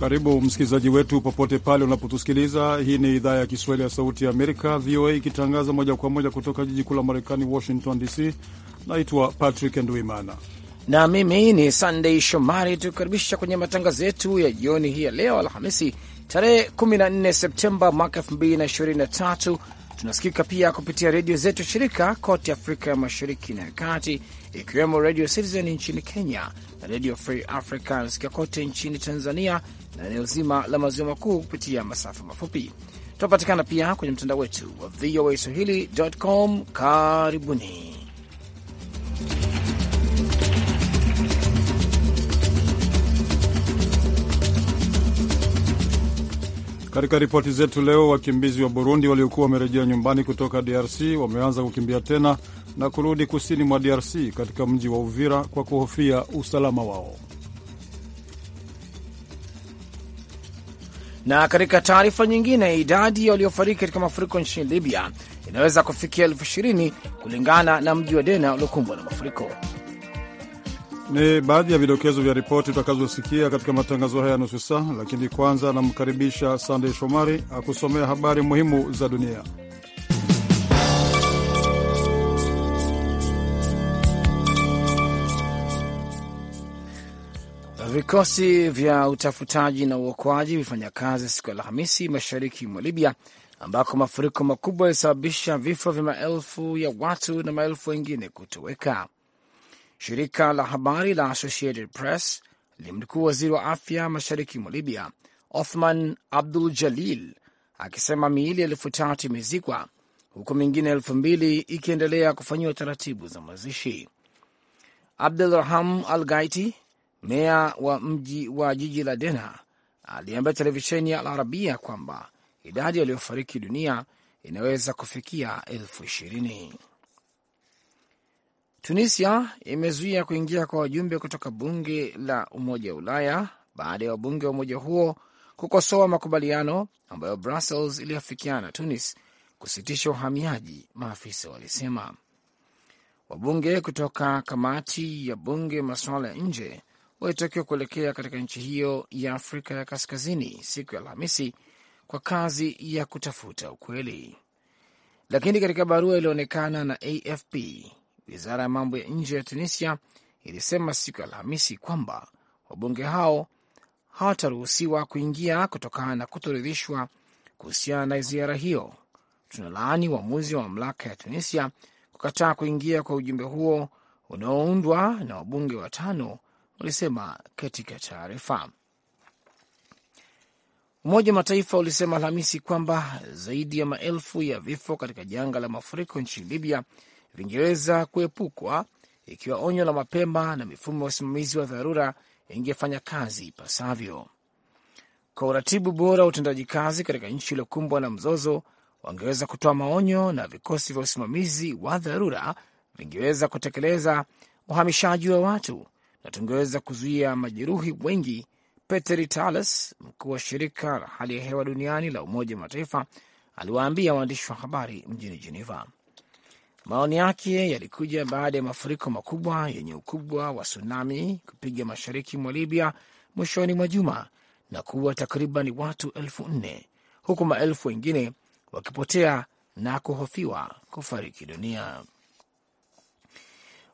Karibu msikilizaji wetu popote pale unapotusikiliza. Hii ni idhaa ya Kiswahili ya Sauti ya Amerika, VOA, ikitangaza moja kwa moja kutoka jiji kuu la Marekani, Washington DC. Naitwa Patrick Nduimana na mimi ni Sunday Shomari, tukikaribisha kwenye matangazo yetu ya jioni hii ya leo Alhamisi tarehe 14 Septemba mwaka 2023. Tunasikika pia kupitia redio zetu shirika kote Afrika ya mashariki na ya kati, ikiwemo Radio Citizen nchini Kenya na Radio Free Africa anasikika kote nchini Tanzania na eneo zima la maziwa makuu kupitia masafa mafupi. Tunapatikana pia kwenye mtandao wetu wa VOA swahili.com. Karibuni. Katika ripoti zetu leo, wakimbizi wa Burundi waliokuwa wamerejea nyumbani kutoka DRC wameanza kukimbia tena na kurudi kusini mwa DRC katika mji wa Uvira kwa kuhofia usalama wao. Na katika taarifa nyingine, idadi ya waliofariki katika mafuriko nchini Libya inaweza kufikia elfu ishirini kulingana na mji wa Dena uliokumbwa na mafuriko. Ni baadhi ya vidokezo vya ripoti utakazosikia katika matangazo haya ya nusu saa, lakini kwanza anamkaribisha Sandey Shomari akusomea habari muhimu za dunia. Vikosi vya utafutaji na uokoaji vifanya kazi siku ya Alhamisi mashariki mwa Libya ambako mafuriko makubwa yalisababisha vifo vya maelfu ya watu na maelfu wengine kutoweka. Shirika la habari la Associated Press limnukuu waziri wa afya mashariki mwa Libya Othman Abdul Jalil akisema miili elfu tatu imezikwa huku mingine elfu mbili ikiendelea kufanyiwa taratibu za mazishi. abdul raham Al Gaiti, meya wa mji wa jiji la Dena, aliambia televisheni ya Al Arabia kwamba idadi yaliyofariki dunia inaweza kufikia elfu ishirini. Tunisia imezuia kuingia kwa wajumbe kutoka bunge la Umoja wa Ulaya baada ya wabunge wa umoja huo kukosoa makubaliano ambayo Brussels iliyofikiana na Tunis kusitisha uhamiaji, maafisa walisema. Wabunge kutoka kamati ya bunge masuala ya nje walitakiwa kuelekea katika nchi hiyo ya Afrika ya kaskazini siku ya Alhamisi kwa kazi ya kutafuta ukweli, lakini katika barua iliyoonekana na AFP Wizara ya mambo ya nje ya Tunisia ilisema siku ya Alhamisi kwamba wabunge hao hawataruhusiwa kuingia kutokana na kutoridhishwa kuhusiana na ziara hiyo. Tunalaani uamuzi wa mamlaka ya Tunisia kukataa kuingia kwa ujumbe huo unaoundwa na wabunge watano, walisema katika taarifa. Umoja wa Mataifa ulisema Alhamisi kwamba zaidi ya maelfu ya vifo katika janga la mafuriko nchini Libya vingeweza kuepukwa ikiwa onyo la mapema na mifumo ya usimamizi wa dharura ingefanya kazi ipasavyo. Kwa uratibu bora wa utendaji kazi katika nchi iliyokumbwa na mzozo, wangeweza kutoa maonyo na vikosi vya usimamizi wa dharura vingeweza kutekeleza uhamishaji wa watu na tungeweza kuzuia majeruhi wengi. Peter Talas, mkuu wa shirika la hali ya hewa duniani la Umoja wa Mataifa, aliwaambia waandishi wa habari mjini jeneva Maoni yake yalikuja baada ya mafuriko makubwa yenye ukubwa wa tsunami kupiga mashariki mwa Libya mwishoni mwa juma na kuwa takriban watu elfu nne huku maelfu wengine wakipotea na kuhofiwa kufariki dunia.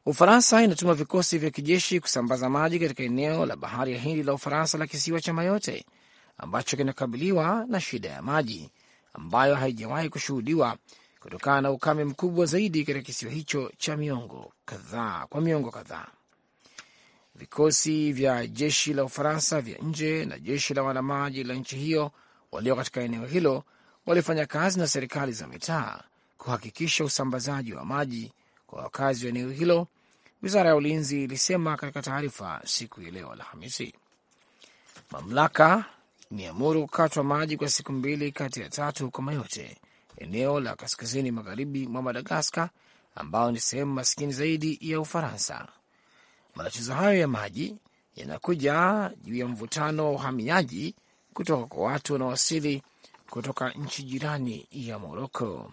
Ufaransa inatuma vikosi vya kijeshi kusambaza maji katika eneo la bahari ya Hindi la Ufaransa la kisiwa cha Mayote ambacho kinakabiliwa na shida ya maji ambayo haijawahi kushuhudiwa kutokana na ukame mkubwa zaidi katika kisiwa hicho cha miongo kadhaa kwa miongo kadhaa. Vikosi vya jeshi la Ufaransa vya nje na jeshi la wanamaji la nchi hiyo walio katika eneo hilo walifanya kazi na serikali za mitaa kuhakikisha usambazaji wa maji kwa wakazi wa eneo hilo, wizara ya ulinzi ilisema katika taarifa siku ya leo Alhamisi. Mamlaka imeamuru kukatwa maji kwa siku mbili kati ya tatu kwa Mayote, eneo la kaskazini magharibi mwa Madagaskar, ambao ni sehemu maskini zaidi ya Ufaransa. Matatizo hayo ya maji yanakuja juu ya mvutano wa uhamiaji kutoka kwa watu wanaowasili kutoka nchi jirani ya Moroko.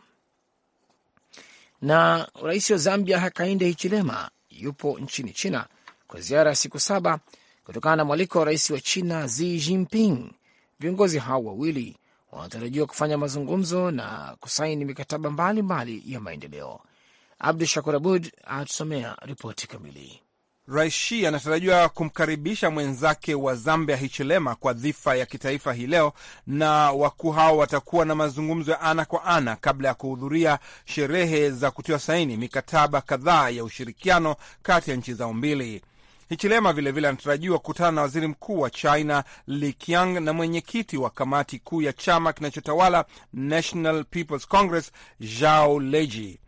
Na rais wa Zambia Hakainde Hichilema yupo nchini China kwa ziara ya siku saba kutokana na mwaliko wa rais wa China Xi Jinping. Viongozi hao wawili wanatarajiwa kufanya mazungumzo na kusaini mikataba mbalimbali mbali ya maendeleo. Abdu Shakur Abud atusomea ripoti kamili. Raishi anatarajiwa kumkaribisha mwenzake wa Zambia Hichilema kwa dhifa ya kitaifa hii leo, na wakuu hao watakuwa na mazungumzo ya ana kwa ana kabla ya kuhudhuria sherehe za kutiwa saini mikataba kadhaa ya ushirikiano kati ya nchi zao mbili. Hichilema vilevile anatarajiwa kukutana na waziri mkuu wa China Li Qiang na mwenyekiti wa kamati kuu ya chama kinachotawala National People's Congress Zhao Leji.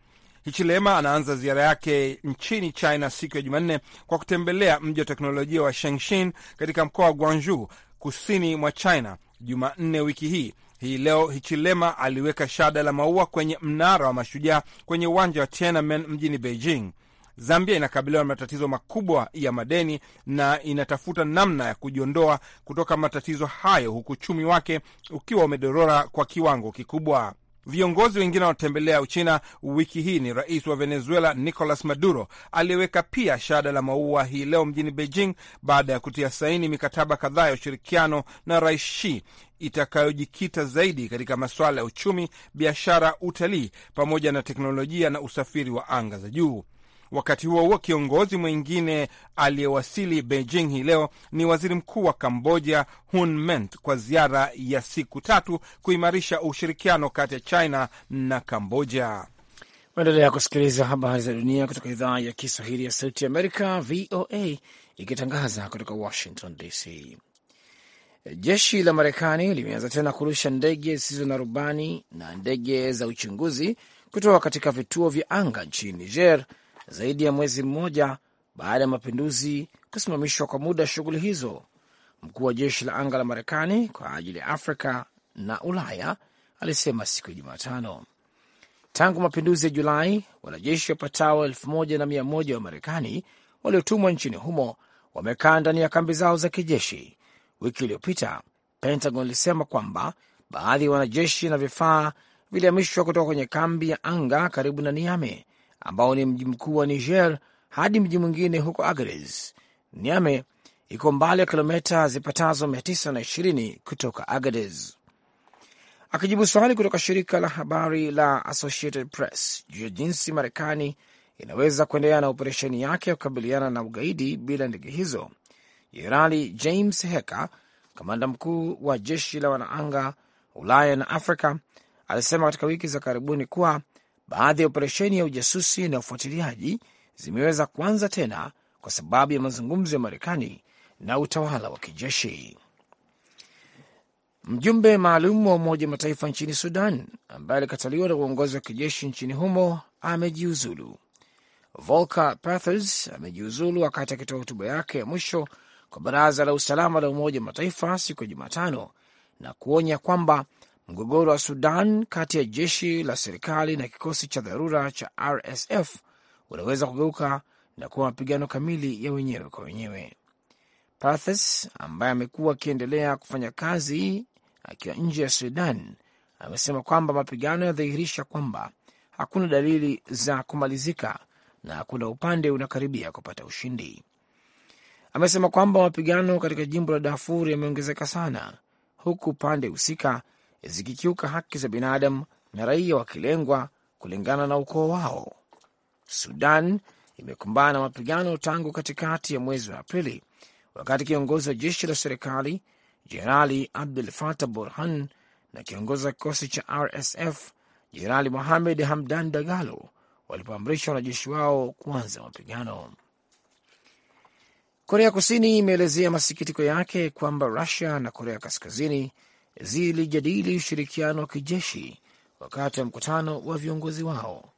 Hichilema anaanza ziara yake nchini China siku ya Jumanne kwa kutembelea mji wa teknolojia wa Shengshin katika mkoa wa Guangzhou kusini mwa China Jumanne wiki hii. Hii leo Hichilema aliweka shada la maua kwenye mnara wa mashujaa kwenye uwanja wa Tiananmen mjini Beijing. Zambia inakabiliwa na matatizo makubwa ya madeni na inatafuta namna ya kujiondoa kutoka matatizo hayo, huku uchumi wake ukiwa umedorora kwa kiwango kikubwa. Viongozi wengine wanaotembelea Uchina wiki hii ni rais wa Venezuela Nicolas Maduro, aliyeweka pia shada la maua hii leo mjini Beijing baada ya kutia saini mikataba kadhaa ya ushirikiano na rais Xi itakayojikita zaidi katika masuala ya uchumi, biashara, utalii pamoja na teknolojia na usafiri wa anga za juu. Wakati huo huo, kiongozi mwingine aliyewasili Beijing hii leo ni waziri mkuu wa Kamboja Hun kwa ziara ya siku tatu kuimarisha ushirikiano kati ya China na Kamboja. Maendelea kusikiliza habari za dunia kutoka idhaa ya Kiswahili ya Sauti Amerika, VOA, ikitangaza kutoka Washington DC. Jeshi la Marekani limeanza tena kurusha ndege zisizo na rubani na ndege za uchunguzi kutoka katika vituo vya anga nchini Niger zaidi ya mwezi mmoja baada ya mapinduzi kusimamishwa kwa muda shughuli hizo. Mkuu wa jeshi la anga la Marekani kwa ajili ya Afrika na Ulaya alisema siku ya Jumatano. Tangu mapinduzi ya Julai, wanajeshi wapatao elfu moja na mia moja wa Marekani waliotumwa nchini humo wamekaa ndani ya kambi zao za kijeshi. Wiki iliyopita, Pentagon ilisema kwamba baadhi ya wanajeshi na vifaa vilihamishwa kutoka kwenye kambi ya anga karibu na Niame ambao ni mji mkuu wa Niger hadi mji mwingine huko Agres. Niame iko mbali ya kilomita zipatazo 920 kutoka Agres. Akijibu swali kutoka shirika la habari la Associated Press juu ya jinsi Marekani inaweza kuendelea na operesheni yake ya kukabiliana na ugaidi bila ndege hizo, Jenerali James Heka, kamanda mkuu wa jeshi la wanaanga Ulaya na Afrika, alisema katika wiki za karibuni kuwa Baadhi ya operesheni ya ujasusi na ufuatiliaji zimeweza kuanza tena kwa sababu ya mazungumzo ya Marekani na utawala wa kijeshi. Mjumbe maalum wa Umoja wa Mataifa nchini Sudan ambaye alikataliwa na uongozi wa kijeshi nchini humo amejiuzulu. Volker Perthes amejiuzulu wakati akitoa hotuba yake ya mwisho kwa Baraza la Usalama la Umoja wa Mataifa siku ya Jumatano na kuonya kwamba Mgogoro wa Sudan kati ya jeshi la serikali na kikosi cha dharura cha RSF unaweza kugeuka na kuwa mapigano kamili ya wenyewe kwa wenyewe. Pathes ambaye amekuwa akiendelea kufanya kazi akiwa nje ya Sudan amesema kwamba mapigano yanadhihirisha kwamba hakuna dalili za kumalizika na hakuna upande unakaribia kupata ushindi. Amesema kwamba mapigano katika jimbo la Darfur yameongezeka sana, huku pande husika zikikiuka haki za binadamu na raia wakilengwa kulingana na ukoo wao. Sudan imekumbana na mapigano tangu katikati ya mwezi wa Aprili, wakati kiongozi wa jeshi la serikali Jenerali Abdul Fatah Burhan na kiongozi wa kikosi cha RSF Jenerali Mohamed Hamdan Dagalo walipoamrisha wanajeshi wao kuanza mapigano. Korea Kusini imeelezea masikitiko yake kwamba Rusia na Korea Kaskazini zilijadili ushirikiano wa kijeshi wakati wa mkutano wa viongozi wao.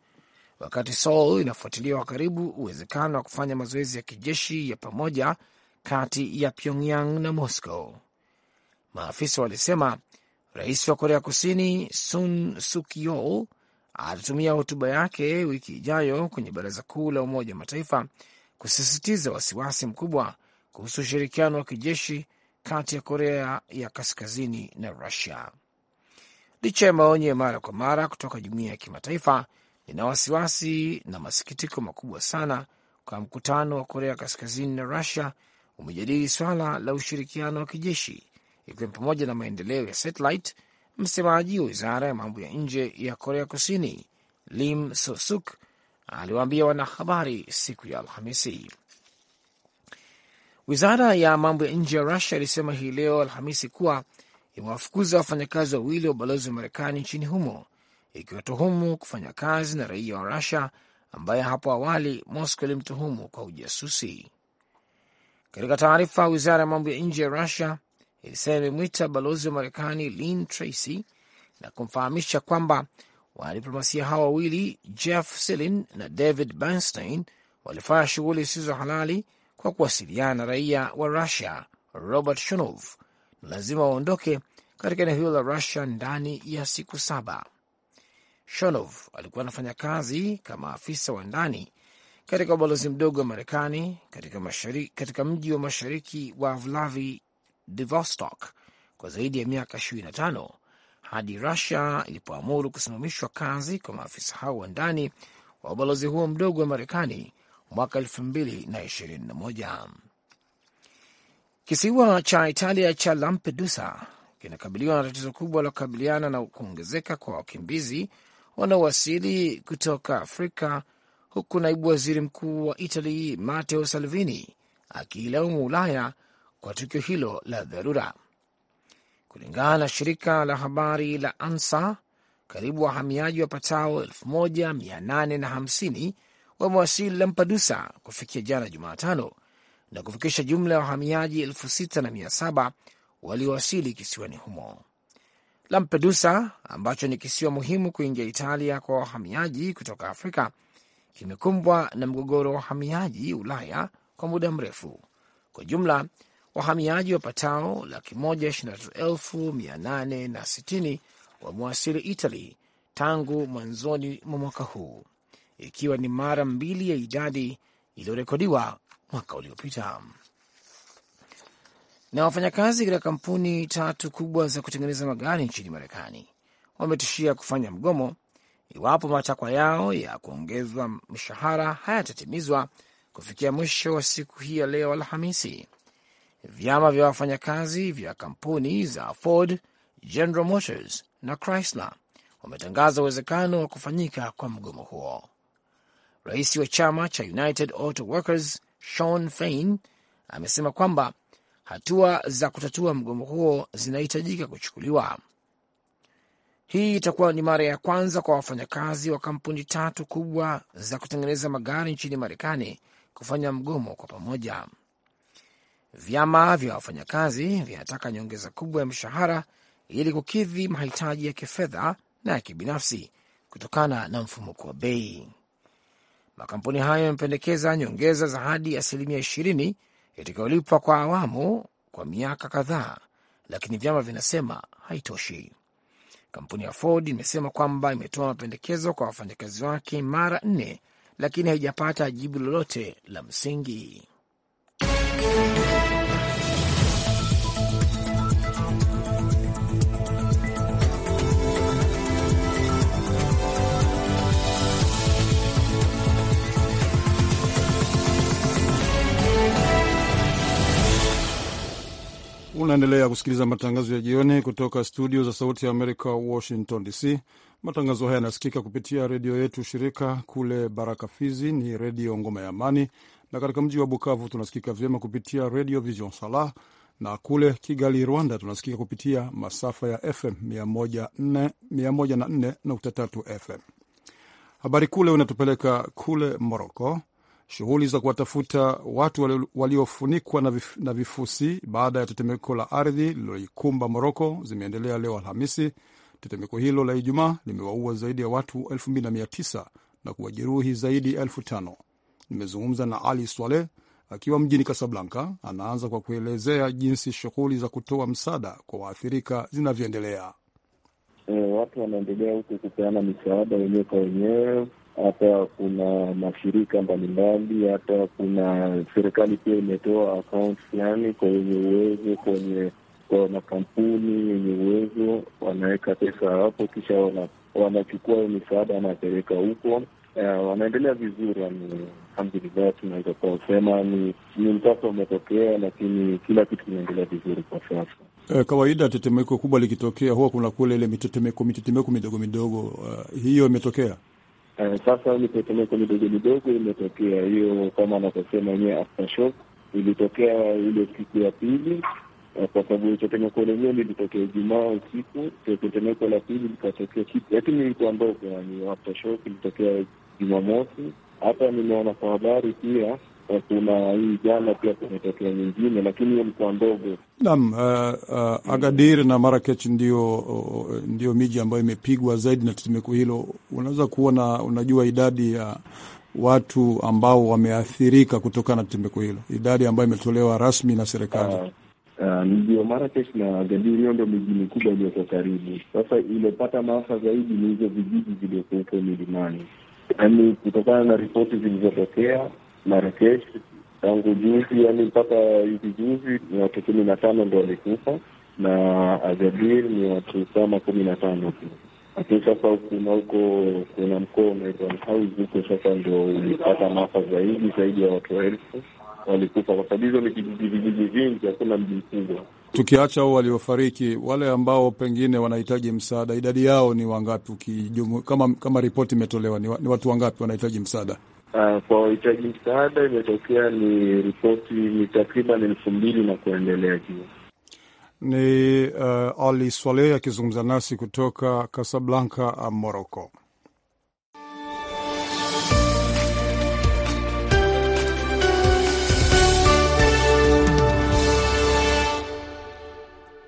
Wakati Seoul inafuatilia kwa karibu uwezekano wa kufanya mazoezi ya kijeshi ya pamoja kati ya Pyongyang na Moscow, maafisa walisema. Rais wa Korea Kusini Sun Sukyol atatumia hotuba yake wiki ijayo kwenye Baraza Kuu la Umoja wa Mataifa kusisitiza wasiwasi mkubwa kuhusu ushirikiano wa kijeshi kati ya Korea ya Kaskazini na Rusia. Licha ya maonyo ya mara kwa mara kutoka jumuiya ya kimataifa, nina wasiwasi na masikitiko makubwa sana kwa mkutano wa Korea Kaskazini na Rusia umejadili swala la ushirikiano wa kijeshi, ikiwa pamoja na maendeleo ya satellite. Msemaji wa wizara ya mambo ya nje ya Korea Kusini Lim Sosuk aliwaambia wanahabari siku ya Alhamisi. Wizara ya mambo ya nje ya Rusia ilisema hii leo Alhamisi kuwa imewafukuza wafanyakazi wawili wa ubalozi wa Marekani nchini humo, ikiwatuhumu kufanya kazi na raia wa Rusia ambaye hapo awali Moscow ilimtuhumu kwa ujasusi. Katika taarifa, wizara ya mambo ya nje ya Rusia ilisema imemwita balozi wa Marekani Lynn Tracy na kumfahamisha kwamba wanadiplomasia hao wawili Jeff Selin na David Bernstein walifanya shughuli zisizo halali kwa kuwasiliana na raia wa Rusia Robert Shunov na lazima waondoke katika eneo hilo la Rusia ndani ya siku saba. Shonov alikuwa anafanya kazi kama afisa wa ndani katika ubalozi mdogo wa Marekani katika, katika mji wa mashariki wa Vladivostok kwa zaidi ya miaka 25 hadi Rusia ilipoamuru kusimamishwa kazi kwa maafisa hao wa ndani wa ubalozi huo mdogo wa Marekani mwaka Kisiwa cha Italia cha Lampedusa kinakabiliwa na tatizo kubwa la kukabiliana na kuongezeka kwa wakimbizi wanaowasili kutoka Afrika, huku naibu waziri mkuu wa italy Matteo Salvini akiilaumu Ulaya kwa tukio hilo la dharura. Kulingana na shirika la habari la ANSA, karibu wahamiaji wapatao 1850 wamewasili Lampedusa kufikia jana Jumatano na kufikisha jumla ya wahamiaji elfu sita na mia saba waliowasili kisiwani humo. Lampedusa ambacho ni kisiwa muhimu kuingia Italia kwa wahamiaji kutoka Afrika kimekumbwa na mgogoro wa wahamiaji Ulaya kwa muda mrefu. Kwa jumla wahamiaji wapatao laki moja ishirini na tatu elfu mia nane na sitini wamewasili Italy tangu mwanzoni mwa mwaka huu ikiwa ni mara mbili ya idadi iliyorekodiwa mwaka uliopita. Na wafanyakazi katika kampuni tatu kubwa za kutengeneza magari nchini Marekani wametishia kufanya mgomo iwapo matakwa yao ya kuongezwa mshahara hayatatimizwa kufikia mwisho wa siku hii ya leo Alhamisi. Vyama vya wafanyakazi vya kampuni za Ford, General Motors na Chrysler wametangaza uwezekano wa kufanyika kwa mgomo huo. Rais wa chama cha United Auto Workers Shawn Fain amesema kwamba hatua za kutatua mgomo huo zinahitajika kuchukuliwa. Hii itakuwa ni mara ya kwanza kwa wafanyakazi wa kampuni tatu kubwa za kutengeneza magari nchini Marekani kufanya mgomo kwa pamoja. Vyama vya wafanyakazi vinataka nyongeza kubwa ya mshahara ili kukidhi mahitaji ya kifedha na ya kibinafsi kutokana na mfumuko wa bei. Makampuni hayo yamependekeza nyongeza za hadi asilimia ishirini itakayolipwa kwa awamu kwa miaka kadhaa, lakini vyama vinasema haitoshi. Kampuni ya Ford imesema kwamba imetoa mapendekezo kwa wafanyakazi wake mara nne, lakini haijapata jibu lolote la msingi. Unaendelea kusikiliza matangazo ya jioni kutoka studio za Sauti ya Amerika, Washington DC. Matangazo haya yanasikika kupitia redio yetu shirika kule Baraka, Fizi ni Redio Ngoma ya Amani, na katika mji wa Bukavu tunasikika vyema kupitia Redio Vision Salah, na kule Kigali, Rwanda tunasikika kupitia masafa ya FM 104.3 FM. Habari kule unatupeleka kule Moroko Shughuli za kuwatafuta watu waliofunikwa na vifusi baada ya tetemeko la ardhi lililoikumba Moroko zimeendelea leo Alhamisi. Tetemeko hilo la Ijumaa limewaua zaidi ya watu 2900 na kuwajeruhi zaidi ya 5000. Nimezungumza na Ali swale akiwa mjini Kasablanka. Anaanza kwa kuelezea jinsi shughuli za kutoa msaada kwa waathirika zinavyoendelea. E, watu wanaendelea huku kupeana misaada wenyewe kwa wenyewe hata kuna mashirika mbalimbali, hata kuna serikali pia imetoa akaunt fulani kwa wenye uwezo, kwenye kwa makampuni yenye uwezo wanaweka pesa hapo, kisha wana, wanachukua misaada wanapeleka huko. Uh, wanaendelea vizuri, yani alhamdulillah, tunaweza kusema ni ni mtasa umetokea, lakini kila kitu kinaendelea vizuri kwa sasa. E, kawaida tetemeko kubwa likitokea huwa kuna kule ile mitetemeko mitetemeko midogo midogo, uh, hiyo imetokea Uh, sasa mitetemeko midogo midogo imetokea hiyo, kama anavyosema wenyewe aftershock ilitokea ile siku ya pili, eh, kwa sababu tetemeko lenyewe lilitokea Ijumaa usiku. Tetemeko la pili likatokea kitu, lakini ilikuwa ndogo, yani aftershock ilitokea Jumamosi. Hata nimeona kwa habari pia kuna hii jana pia kumetokea nyingine, lakini hiyo mkoa ndogo. nam Uh, uh, Agadir na Marakech ndio, uh, ndio miji ambayo imepigwa zaidi na tetemeko hilo. Unaweza kuona, unajua idadi ya watu ambao wameathirika kutokana na tetemeko hilo, idadi ambayo imetolewa rasmi na serikali uh. Uh, ndio na Agadir, hiyo ndo miji mikubwa iliyoko karibu. Sasa iliopata maafa zaidi ni hizo vijiji viliokuwepo milimani, yaani kutokana na ripoti zilizotokea Marrakesh tangu juzi, yani mpaka hivi juzi ni watu kumi na tano ndo walikufa na Agadir ni watu kama kumi na tano tu. Lakini sasa kuna huko kuna mkoa unaitwa al huko sasa ndio ulipata maafa zaidi, zaidi ya watu elfu walikufa, kwa sababu hizo ni vijiji vijiji vingi, hakuna mji mkubwa. Tukiacha hao waliofariki, wale ambao pengine wanahitaji msaada, idadi yao ni wangapi? Ukijumu, kama kama ripoti imetolewa, ni watu wangapi wanahitaji msaada? uh, kwa wahitaji msaada imetokea ni ripoti ni takriban elfu mbili na kuendelea juu. Ni uh, Ali Swaleh akizungumza nasi kutoka kasablanka Morocco.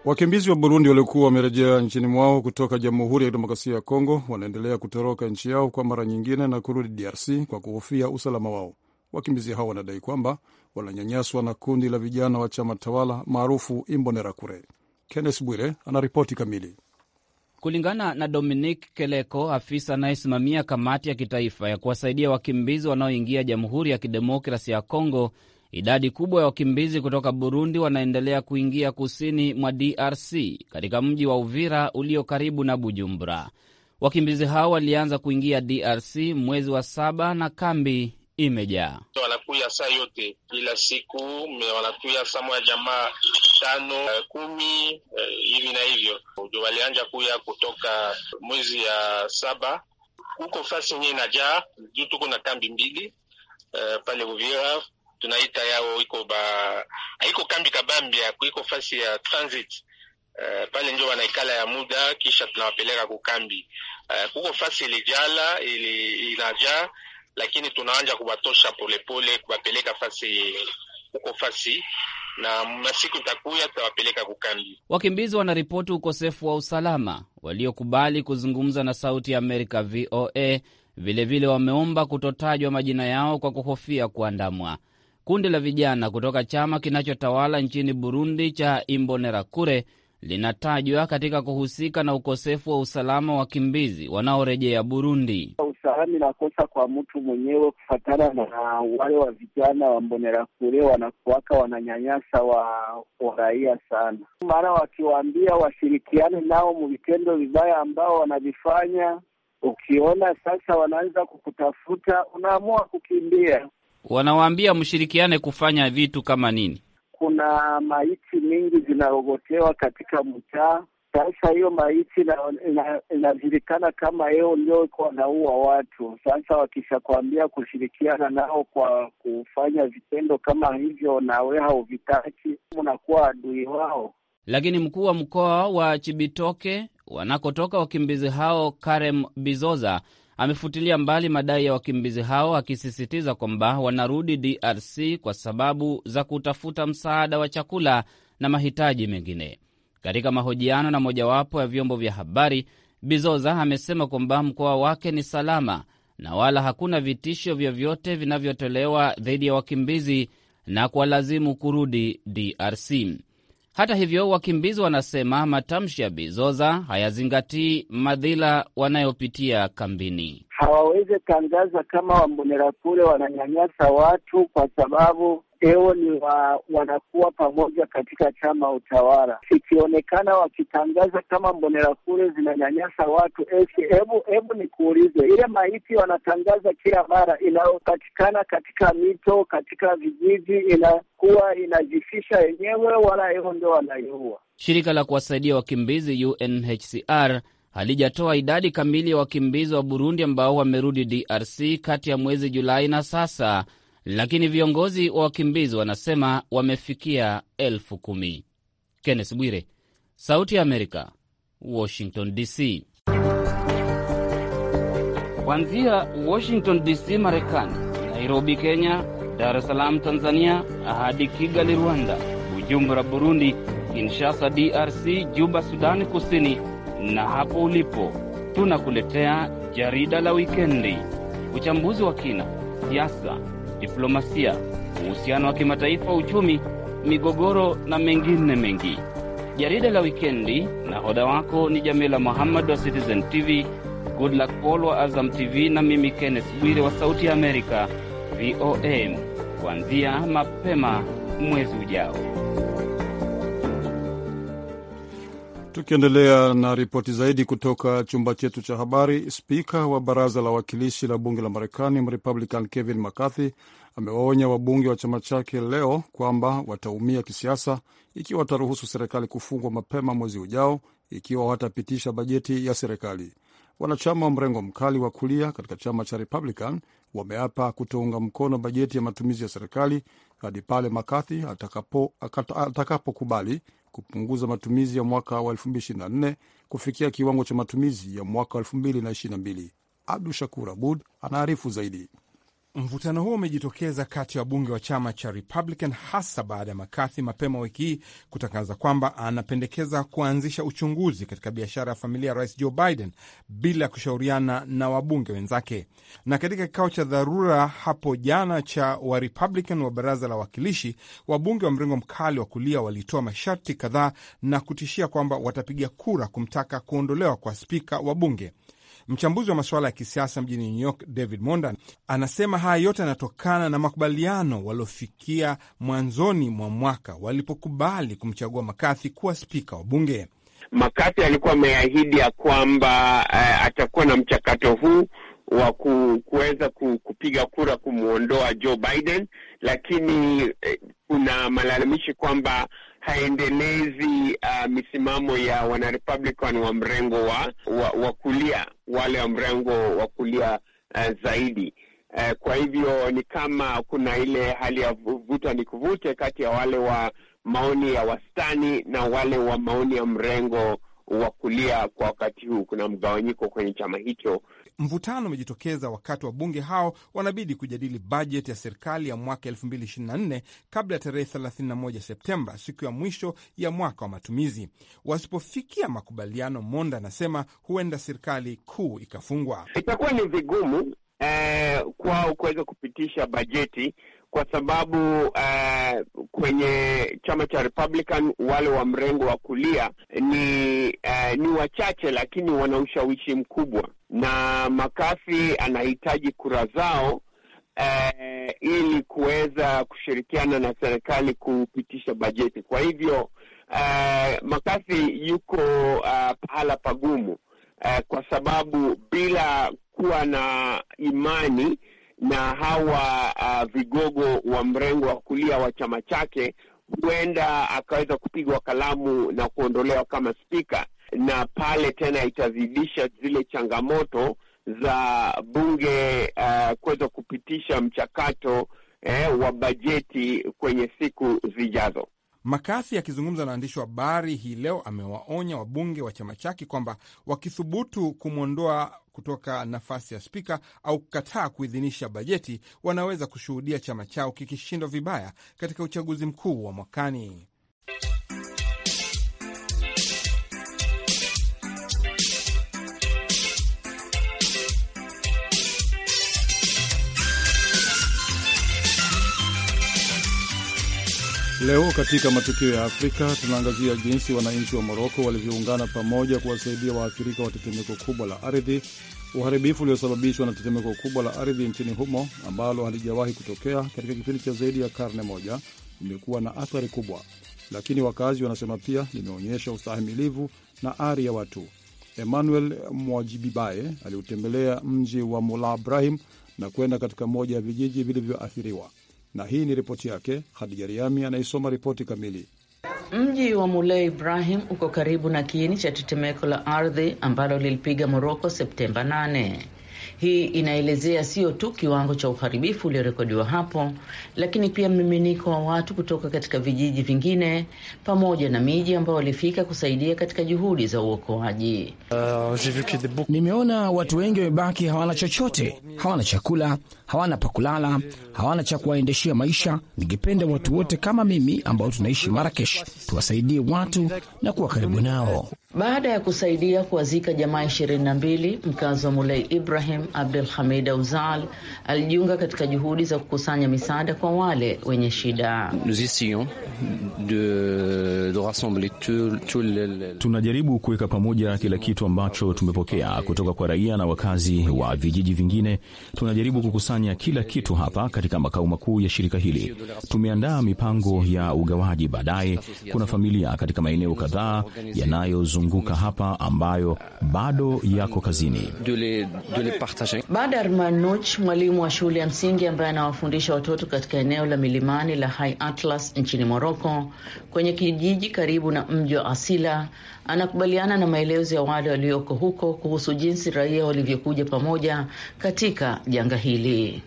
Wakimbizi wa Burundi waliokuwa wamerejea nchini mwao kutoka Jamhuri ya Kidemokrasia ya Kongo wanaendelea kutoroka nchi yao kwa mara nyingine na kurudi DRC kwa kuhofia usalama wao. Wakimbizi hao wanadai kwamba wananyanyaswa na kundi la vijana wa chama tawala maarufu Imbonerakure. Kennes Bwire anaripoti kamili. Kulingana na Dominic Keleko, afisa anayesimamia kamati ya kitaifa ya kuwasaidia wakimbizi wanaoingia Jamhuri ya Kidemokrasi ya Kongo, Idadi kubwa ya wakimbizi kutoka Burundi wanaendelea kuingia kusini mwa DRC katika mji wa Uvira ulio karibu na Bujumbura. Wakimbizi hao walianza kuingia DRC mwezi wa saba na kambi imejaa. Wanakuya saa yote kila siku wanakuya samu ya jamaa tano kumi eh, hivi na hivyo, walianja kuya kutoka mwezi ya saba huko fasi yenyewe inajaa juu tuko na kambi mbili uh, pale Uvira tunaita yao iko ba haiko kambi ya kuiko fasi ya transit uh, pale ndio wanaikala ya muda, kisha tunawapeleka kukambi uh, eh, kuko fasi ilijala ili inaja, lakini tunaanja kubatosha polepole kubapeleka fasi huko fasi na masiku itakuya tutawapeleka kukambi. Wakimbizi wanaripoti ukosefu wa usalama. Waliokubali kuzungumza na Sauti ya Amerika VOA vilevile wameomba kutotajwa majina yao kwa kuhofia kuandamwa. Kundi la vijana kutoka chama kinachotawala nchini Burundi cha Imbonerakure linatajwa katika kuhusika na ukosefu wa usalama wakimbizi wanaorejea Burundi. Usalama inakosa kwa mtu mwenyewe, kufatana na wale wa vijana wa Mbonerakure wanakuwaka wananyanyasa wa raia sana, maana wakiwaambia washirikiane nao mu vitendo vibaya ambao wanavifanya, ukiona sasa wanaanza kukutafuta, unaamua kukimbia wanawaambia mshirikiane kufanya vitu kama nini? Kuna maiti mingi zinarogotewa katika mtaa. Sasa hiyo maiti inajulikana kama yeo ndio iko wanaua watu. Sasa wakishakwambia kushirikiana nao kwa kufanya vitendo kama hivyo, nawe hauvitaki, unakuwa adui wao. Lakini mkuu wa mkoa wa Chibitoke wanakotoka wakimbizi hao Karem Bizoza amefutilia mbali madai ya wakimbizi hao akisisitiza kwamba wanarudi DRC kwa sababu za kutafuta msaada wa chakula na mahitaji mengine. Katika mahojiano na mojawapo ya vyombo vya habari, Bizoza amesema kwamba mkoa wake ni salama na wala hakuna vitisho vyovyote vinavyotolewa dhidi ya wakimbizi na kuwalazimu kurudi DRC. Hata hivyo, wakimbizi wanasema matamshi ya Bizoza hayazingatii madhila wanayopitia kambini. Hawawezi tangaza kama Wambonerakure wananyanyasa watu kwa sababu leo ni wa, wanakuwa pamoja katika chama utawala, ikionekana wakitangaza kama kule zinanyanyasa watu. Hebu hebu nikuulize, ile maiti wanatangaza kila mara inayopatikana katika mito, katika vijiji, inakuwa inajifisha yenyewe, wala hiyo ndo wanaiua. Shirika la kuwasaidia wakimbizi UNHCR halijatoa idadi kamili ya wakimbizi wa Burundi ambao wamerudi DRC kati ya mwezi Julai na sasa lakini viongozi wa wakimbizi wanasema wamefikia elfu kumi. Kenneth Bwire, Sauti ya Amerika, Washington DC. Kuanzia Washington DC, Marekani, Nairobi, Kenya, Dar es Salaam, Tanzania, hadi Kigali, Rwanda, Bujumbura, Burundi, Kinshasa, DRC, Juba, Sudani Kusini, na hapo ulipo tunakuletea jarida la wikendi, uchambuzi wa kina, siasa diplomasia, uhusiano wa kimataifa, uchumi, migogoro na mengine mengi. Jarida la wikendi na hoda wako ni Jamila Muhammad wa Citizen TV, Goodluck Paul wa Azam TV na mimi Kenneth Bwire wa Sauti ya Amerika, VOA, kuanzia mapema mwezi ujao. Tukiendelea na ripoti zaidi kutoka chumba chetu cha habari, spika wa baraza la wakilishi la bunge la Marekani Mrepublican Kevin McCarthy amewaonya wabunge wa chama chake leo kwamba wataumia kisiasa ikiwa wataruhusu serikali kufungwa mapema mwezi ujao ikiwa watapitisha bajeti ya serikali. Wanachama wa mrengo mkali wa kulia katika chama cha Republican wameapa kutounga mkono bajeti ya matumizi ya serikali hadi pale McCarthy atakapokubali atakapo kupunguza matumizi ya mwaka wa 2024 kufikia kiwango cha matumizi ya mwaka wa 2022. Abdu Shakur Abud anaarifu zaidi. Mvutano huo umejitokeza kati ya wabunge wa chama cha Republican hasa baada ya makathi mapema wiki hii kutangaza kwamba anapendekeza kuanzisha uchunguzi katika biashara ya familia ya rais Joe Biden bila kushauriana na wabunge wenzake. Na katika kikao cha dharura hapo jana cha Warepublican wa baraza la wawakilishi, wabunge wa mrengo mkali wa kulia walitoa masharti kadhaa na kutishia kwamba watapiga kura kumtaka kuondolewa kwa spika wa bunge. Mchambuzi wa masuala ya kisiasa mjini New York, David Monda, anasema haya yote yanatokana na makubaliano waliofikia mwanzoni mwa mwaka walipokubali kumchagua Makathi kuwa spika wa bunge. Makathi alikuwa ameahidi ya kwamba uh, atakuwa na mchakato huu wa kuweza kupiga kura kumwondoa Joe Biden, lakini eh, kuna uh, malalamishi kwamba haendelezi uh, misimamo ya wanarepublican wa mrengo wa, wa, wa kulia wale wa mrengo wa kulia uh, zaidi uh, kwa hivyo ni kama kuna ile hali ya vuta ni kuvute kati ya wale wa maoni ya wastani na wale wa maoni ya mrengo wa kulia. Kwa wakati huu kuna mgawanyiko kwenye chama hicho Mvutano umejitokeza wakati wabunge hao wanabidi kujadili bajeti ya serikali ya mwaka 2024 kabla ya tarehe 31 Septemba, siku ya mwisho ya mwaka wa matumizi. Wasipofikia makubaliano, Monda anasema huenda serikali kuu ikafungwa. Itakuwa ni vigumu eh, kwao kuweza kupitisha bajeti kwa sababu uh, kwenye chama cha Republican wale wa mrengo wa kulia ni uh, ni wachache, lakini wana ushawishi mkubwa, na McCarthy anahitaji kura zao uh, ili kuweza kushirikiana na serikali kupitisha bajeti. Kwa hivyo uh, McCarthy yuko uh, pahala pagumu uh, kwa sababu bila kuwa na imani na hawa uh, vigogo wa mrengo wa kulia wa chama chake, huenda akaweza kupigwa kalamu na kuondolewa kama spika, na pale tena itazidisha zile changamoto za bunge uh, kuweza kupitisha mchakato eh, wa bajeti kwenye siku zijazo. Makathi akizungumza na waandishi wa habari hii leo amewaonya wabunge wa chama chake kwamba wakithubutu kumwondoa kutoka nafasi ya spika au kukataa kuidhinisha bajeti wanaweza kushuhudia chama chao kikishindwa vibaya katika uchaguzi mkuu wa mwakani. Leo katika matukio ya Afrika tunaangazia jinsi wananchi wa Moroko walivyoungana pamoja kuwasaidia waathirika wa tetemeko kubwa la ardhi, uharibifu uliosababishwa na tetemeko kubwa la ardhi nchini humo ambalo halijawahi kutokea katika kipindi cha zaidi ya karne moja. Imekuwa na athari kubwa, lakini wakazi wanasema pia limeonyesha ustahimilivu na ari ya watu. Emmanuel Mwajibibaye aliutembelea mji wa mula Ibrahim na kwenda katika moja ya vijiji vilivyoathiriwa na hii ni ripoti yake. hadija Riami anaisoma ripoti kamili. Mji wa mule Ibrahim uko karibu na kiini cha tetemeko la ardhi ambalo lilipiga Moroko Septemba 8. Hii inaelezea sio tu kiwango cha uharibifu uliorekodiwa hapo, lakini pia mmiminiko wa watu kutoka katika vijiji vingine pamoja na miji ambao walifika kusaidia katika juhudi za uokoaji. Uh, nimeona watu wengi wamebaki hawana chochote, hawana chakula, hawana pa kulala, hawana cha kuwaendeshea maisha. Ningependa watu wote kama mimi ambao tunaishi Marakesh tuwasaidie watu na kuwa karibu nao. Baada ya kusaidia kuwazika jamaa ishirini na mbili, mkazi wa Mulei Ibrahim Abdul Hamid Auzal alijiunga katika juhudi za kukusanya misaada kwa wale wenye shida. Tunajaribu kuweka pamoja kila kitu ambacho tumepokea kutoka kwa raia na wakazi wa vijiji vingine. Tunajaribu kukusanya kila kitu hapa katika makao makuu ya shirika hili. Tumeandaa mipango ya ugawaji. Baadaye kuna familia katika maeneo kadhaa yanayo yaliyoanguka hapa ambayo bado yako kazini. ya Manuch, mwalimu wa shule ya msingi ambaye anawafundisha watoto katika eneo la milimani la High Atlas nchini Moroko, kwenye kijiji karibu na mji wa Asila, anakubaliana na maelezo ya wale walioko huko kuhusu jinsi raia walivyokuja pamoja katika janga hili.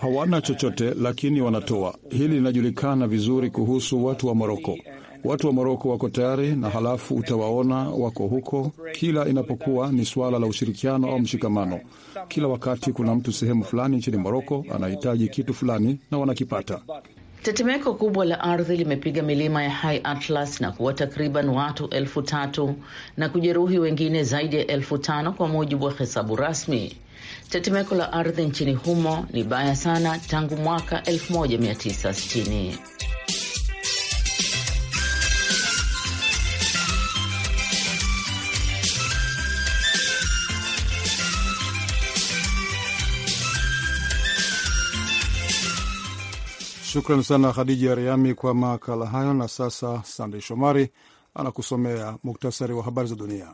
Hawana chochote lakini wanatoa. Hili linajulikana vizuri kuhusu watu wa Moroko. Watu wa Moroko wako tayari, na halafu utawaona wako huko kila inapokuwa ni suala la ushirikiano au mshikamano. Kila wakati kuna mtu sehemu fulani nchini Moroko anahitaji kitu fulani na wanakipata. Tetemeko kubwa la ardhi limepiga milima ya High Atlas na kuwa takriban watu elfu tatu na kujeruhi wengine zaidi ya elfu tano kwa mujibu wa hesabu rasmi. Tetemeko la ardhi nchini humo ni baya sana tangu mwaka 1960. Shukran sana Khadija Riami kwa makala hayo. Na sasa Sandey Shomari anakusomea muktasari wa habari za dunia.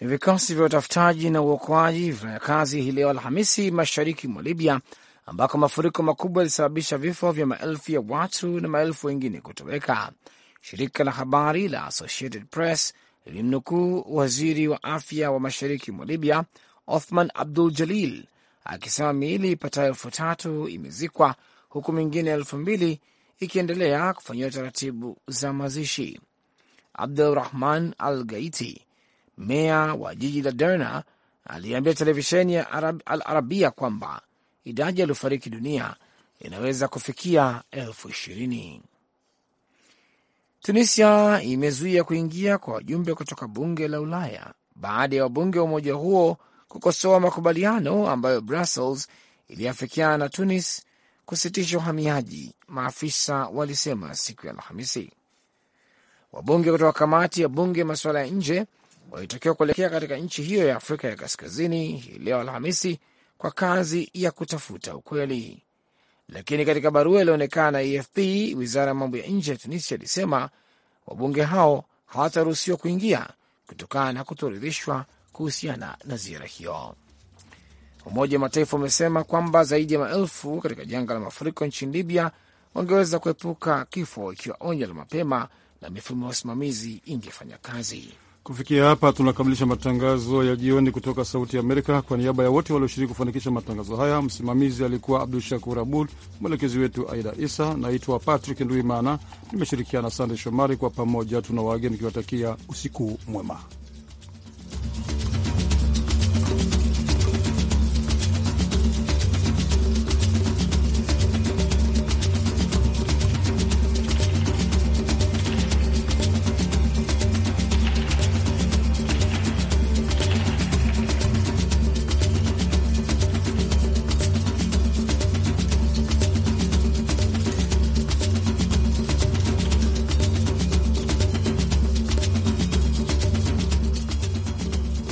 Vikosi vya utafutaji na uokoaji vinafanya kazi hii leo Alhamisi mashariki mwa Libya ambako mafuriko makubwa yalisababisha vifo vya maelfu ya watu na maelfu wengine kutoweka. Shirika la habari la Associated Press ilimnukuu waziri wa afya wa mashariki mwa Libya Othman Abdul Jalil akisema miili ipatayo elfu tatu imezikwa huku mingine elfu mbili ikiendelea kufanyiwa taratibu za mazishi. rahman Al Gaiti, meya wa jiji la Derna, aliambia televisheni ya Arab, Al Arabia kwamba idadi yaliyofariki dunia inaweza kufikia elfu ishirini. Tunisia imezuia kuingia kwa wajumbe kutoka bunge la Ulaya baada ya wabunge wa umoja huo kukosoa makubaliano ambayo Brussels iliafikiana na Tunis kusitisha uhamiaji, maafisa walisema siku ya Alhamisi. Wabunge kutoka kamati ya bunge masuala ya nje walitakiwa kuelekea katika nchi hiyo ya Afrika ya kaskazini hii leo Alhamisi kwa kazi ya kutafuta ukweli. Lakini katika barua ilionekana na AFP, e wizara ya mambo ya nje ya Tunisia ilisema wabunge hao hawataruhusiwa kuingia kutokana na kutoridhishwa kuhusiana na ziara hiyo. Umoja wa Mataifa umesema kwamba zaidi ya maelfu katika janga la mafuriko nchini Libya wangeweza kuepuka kifo ikiwa onyo la mapema na mifumo ya usimamizi ingefanya kazi. Kufikia hapa tunakamilisha matangazo ya jioni kutoka Sauti ya Amerika. Kwa niaba ya wote walioshiriki kufanikisha matangazo haya, msimamizi alikuwa Abdu Shakur Abud, mwelekezi wetu Aida Isa. Naitwa Patrick Nduimana, nimeshirikiana Sande Shomari. Kwa pamoja tuna wageni nikiwatakia usiku mwema.